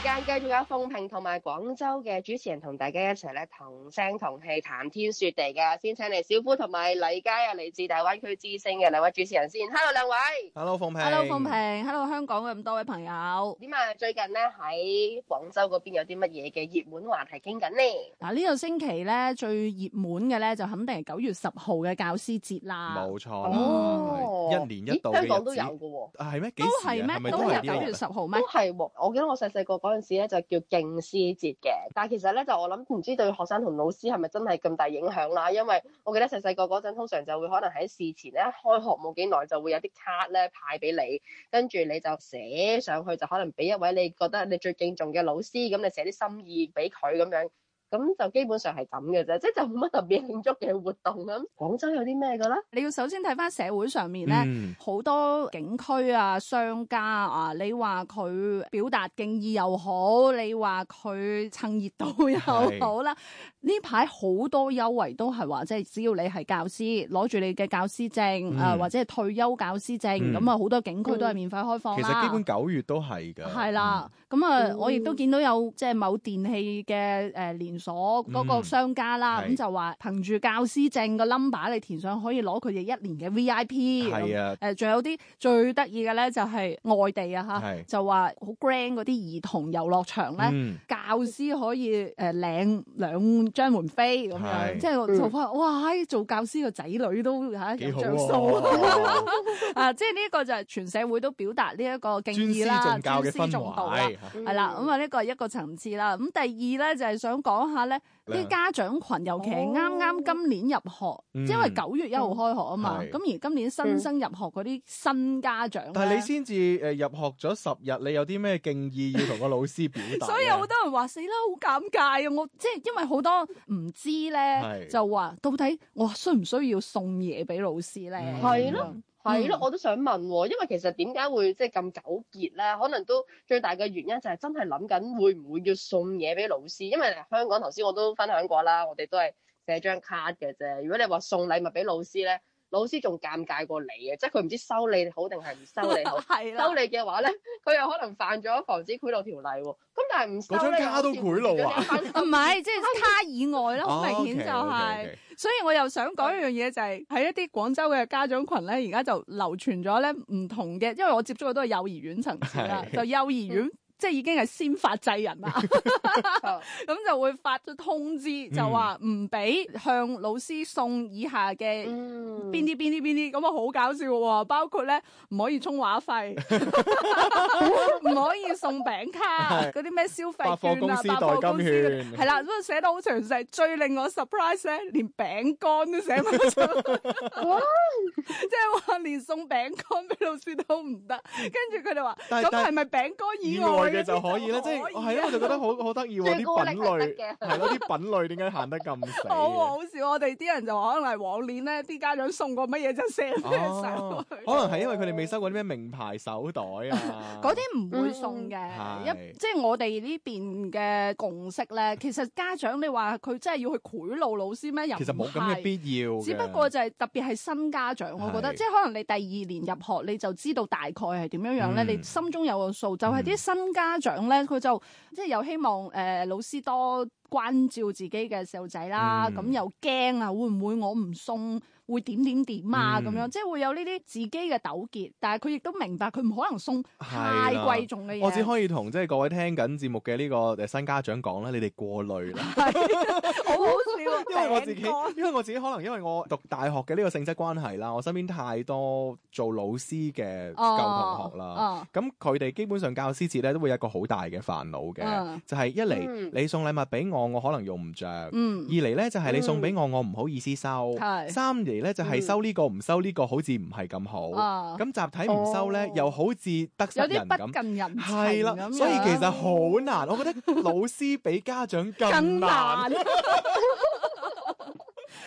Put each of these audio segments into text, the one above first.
間繼續有鳳平同埋廣州嘅主持人同大家一齊咧，同聲同氣談天說地嘅，先請嚟小夫同埋黎佳啊，嚟自大灣區之聲嘅兩位主持人先。Hello 兩位，Hello 鳳平，Hello 鳳平，Hello 香港咁多位朋友，點啊？最近咧喺廣州嗰邊有啲乜嘢嘅熱門話題傾緊呢？嗱、啊，呢、這個星期咧最熱門嘅咧就肯定係九月十號嘅教師節啦，冇錯錯、哦啊，一年一度，香港都有嘅喎、哦，係咩、啊？啊、都係咩？都係九月十號咩？都係喎，我記得我細細個個。哦哦嗰陣時咧就叫敬師節嘅，但係其實咧就我諗唔知對學生同老師係咪真係咁大影響啦，因為我記得細細個嗰陣通常就會可能喺事前咧開學冇幾耐就會有啲卡咧派俾你，跟住你就寫上去就可能俾一位你覺得你最敬重嘅老師，咁你寫啲心意俾佢咁樣。咁就基本上係咁嘅啫，即係就冇乜特別慶祝嘅活動咁。廣、嗯、州有啲咩嘅咧？你要首先睇翻社會上面咧，好、嗯、多景區啊、商家啊，你話佢表達敬意又好，你話佢趁熱度又好啦。呢排好多優惠都係話，即係只要你係教師，攞住你嘅教師證啊、嗯呃，或者係退休教師證，咁啊好多景區都係免費開放啦、嗯。其實基本九月都係嘅。係啦。嗯咁啊，嗯、我亦都見到有即係某電器嘅誒連鎖個商家啦，咁、嗯、就話憑住教師證個 number 你填上，可以攞佢哋一年嘅 VIP。係啊，誒仲有啲最得意嘅咧，就係外地啊吓，就話好 grand 啲兒童遊樂場咧。嗯教師可以誒領兩張門飛咁樣，即係做翻哇！做教師個仔女都嚇，幾好喎！啊，即係呢一個就係全社會都表達呢一個敬意啦，尊師重道啦，係啦。咁啊，呢個係一個層次啦。咁第二咧就係想講下咧，啲家長群，尤其啱啱今年入學，因為九月一號開學啊嘛，咁而今年新生入學嗰啲新家長，但係你先至誒入學咗十日，你有啲咩敬意要同個老師表達？所以好多人話死啦，好尷尬啊！我即係因為好多唔知咧，是就話到底我需唔需要送嘢俾老師咧？係咯、啊，係咯、啊啊，我都想問喎、啊。因為其實點解會即係咁糾結咧、啊？可能都最大嘅原因就係真係諗緊會唔會要送嘢俾老師。因為香港頭先我都分享過啦，我哋都係寫張卡嘅啫。如果你話送禮物俾老師咧？老師仲尷尬過你 啊！即係佢唔知收你好定係唔收你好？收你嘅話咧，佢又可能犯咗防止賄賂條例喎。咁但係唔收你，家長加都賄賂啊！唔係，即、就、係、是、他以外啦，好明顯就係、是。哦、okay, okay, okay. 所以我又想講一樣嘢就係、是，喺一啲廣州嘅家長群咧，而家就流傳咗咧唔同嘅，因為我接觸嘅都係幼兒園層次啦， 就幼兒園。 即係已經係先發制人啦，咁就會發咗通知，就話唔俾向老師送以下嘅邊啲邊啲邊啲，咁啊好搞笑喎！包括咧唔可以充話費，唔可以送餅卡，啲咩消費券啊，百貨公司代金券係啦，所以寫得好詳細，最令我 surprise 咧，連餅乾都寫埋出嚟，哇！即係話連送餅乾俾老師都唔得，跟住佢哋話咁係咪餅乾以外？就可以啦，即係係啊！我就覺得好好得意喎，啲品類係咯，啲品類點解行得咁死？好好笑！我哋啲人就話可能係往年咧，啲家長送過乜嘢就 send 上去。可能係因為佢哋未收過啲咩名牌手袋啊，嗰啲唔會送嘅。係即係我哋呢邊嘅共識咧，其實家長你話佢真係要去賄賂老師咩？其實冇咁嘅必要。只不過就係特別係新家長，我覺得即係可能你第二年入學你就知道大概係點樣樣咧，你心中有個數。就係啲新。家長咧，佢就即係又希望誒、呃、老師多關照自己嘅細路仔啦，咁、嗯、又驚啊，會唔會我唔送會點點點啊咁、嗯、樣，即係會有呢啲自己嘅糾結，但係佢亦都明白，佢唔可能送太貴重嘅嘢。我只可以同即係各位聽緊節目嘅呢個誒新家長講咧，你哋過濾啦，係好好笑。 我自己，因為我自己可能因為我讀大學嘅呢個性質關係啦，我身邊太多做老師嘅舊同學啦。咁佢哋基本上教師節呢都會有一個好大嘅煩惱嘅，就係一嚟你送禮物俾我，我可能用唔着；二嚟呢就係你送俾我，我唔好意思收；三嚟呢就係收呢個唔收呢個，好似唔係咁好。咁集體唔收呢又好似得失人咁。有啲不近人情咁。係啦，所以其實好難。我覺得老師比家長更難。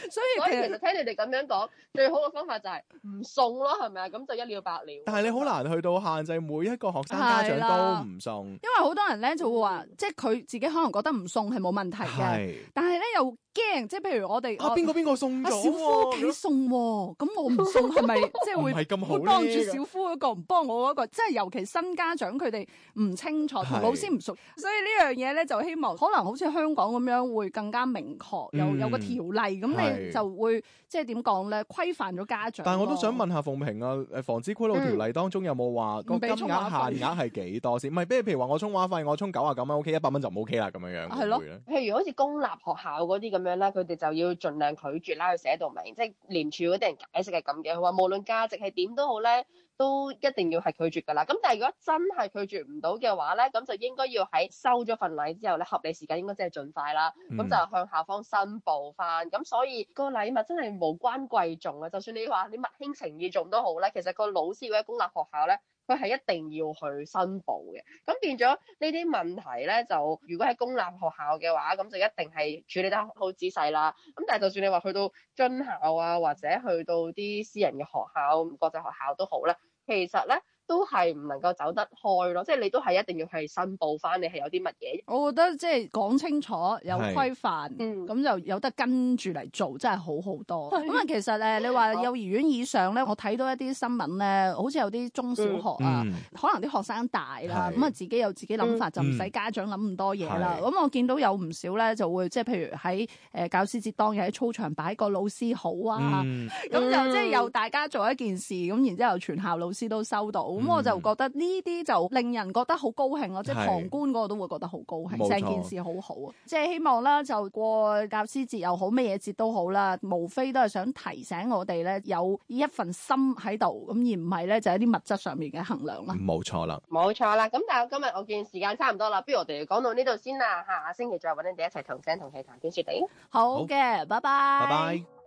所以我其實聽你哋咁樣講，最好嘅方法就係唔送咯，係咪啊？咁就一了百了。但係你好難去到限制每一個學生家長都唔送，因為好多人咧就會話，即係佢自己可能覺得唔送係冇問題嘅，但係咧又驚，即係譬如我哋啊邊個邊個送咗小夫幾送喎，咁我唔送係咪即係會唔咁好咧？幫住小夫嗰個唔幫我嗰個，即係尤其新家長佢哋唔清楚，老師唔熟，所以呢樣嘢咧就希望可能好似香港咁樣會更加明確，有有個條例咁你。就會即係點講咧？規範咗家長，但係我都想問下鳳平啊。誒，防止賄賂條例當中有冇、嗯、話個金額限額係幾多先？唔係，比如譬如話我充話費，我充九、okay, 十九蚊，O K，一百蚊就唔 O K 啦。咁樣樣係咯。譬如好似公立學校嗰啲咁樣咧，佢哋就要盡量拒絕啦。佢寫到明，即係廉署嗰啲人解釋係咁嘅。佢話無論價值係點都好咧，都一定要係拒絕噶啦。咁但係如果真係拒絕唔到嘅話咧，咁就應該要喺收咗份禮之後咧，合理時間應該即係盡快啦。咁就向校方申報翻。咁所以。個禮物真係無關貴重呀，就算你話你物輕情意重都好咧。其實個老師喺公立學校咧，佢係一定要去申報嘅。咁變咗呢啲問題咧，就如果喺公立學校嘅話，咁就一定係處理得好仔細啦。咁但係就算你話去到津校啊，或者去到啲私人嘅學校、國際學校都好啦。其實咧。都係唔能夠走得開咯，即係你都係一定要去申報翻，你係有啲乜嘢？我覺得即係講清楚有規範，是嗯，咁就有得跟住嚟做，真係好好多。咁啊是，其實咧，你話幼兒園以上咧，我睇到一啲新聞咧，好似有啲中小學啊，嗯嗯、可能啲學生大啦，咁啊是自己有自己諗法，就唔使家長諗咁多嘢啦。咁、嗯、我見到有唔少咧就會即係譬如喺誒教師節當日喺操場擺個老師好啊，咁、嗯嗯、就即係又大家做一件事，咁然之後，後全校老師都收到。咁我就覺得呢啲就令人覺得好高興咯，即係旁觀嗰個都會覺得好高興，成件事好好啊！即係希望咧，就過教師節又好，咩嘢節都好啦，無非都係想提醒我哋咧，有呢一份心喺度，咁而唔係咧就係啲物質上面嘅衡量啦。冇錯啦，冇錯啦。咁但係今日我見時間差唔多啦，不如我哋講到呢度先啦。下星期再揾你哋一齊同聲同氣談天說地。好嘅，拜拜。拜拜。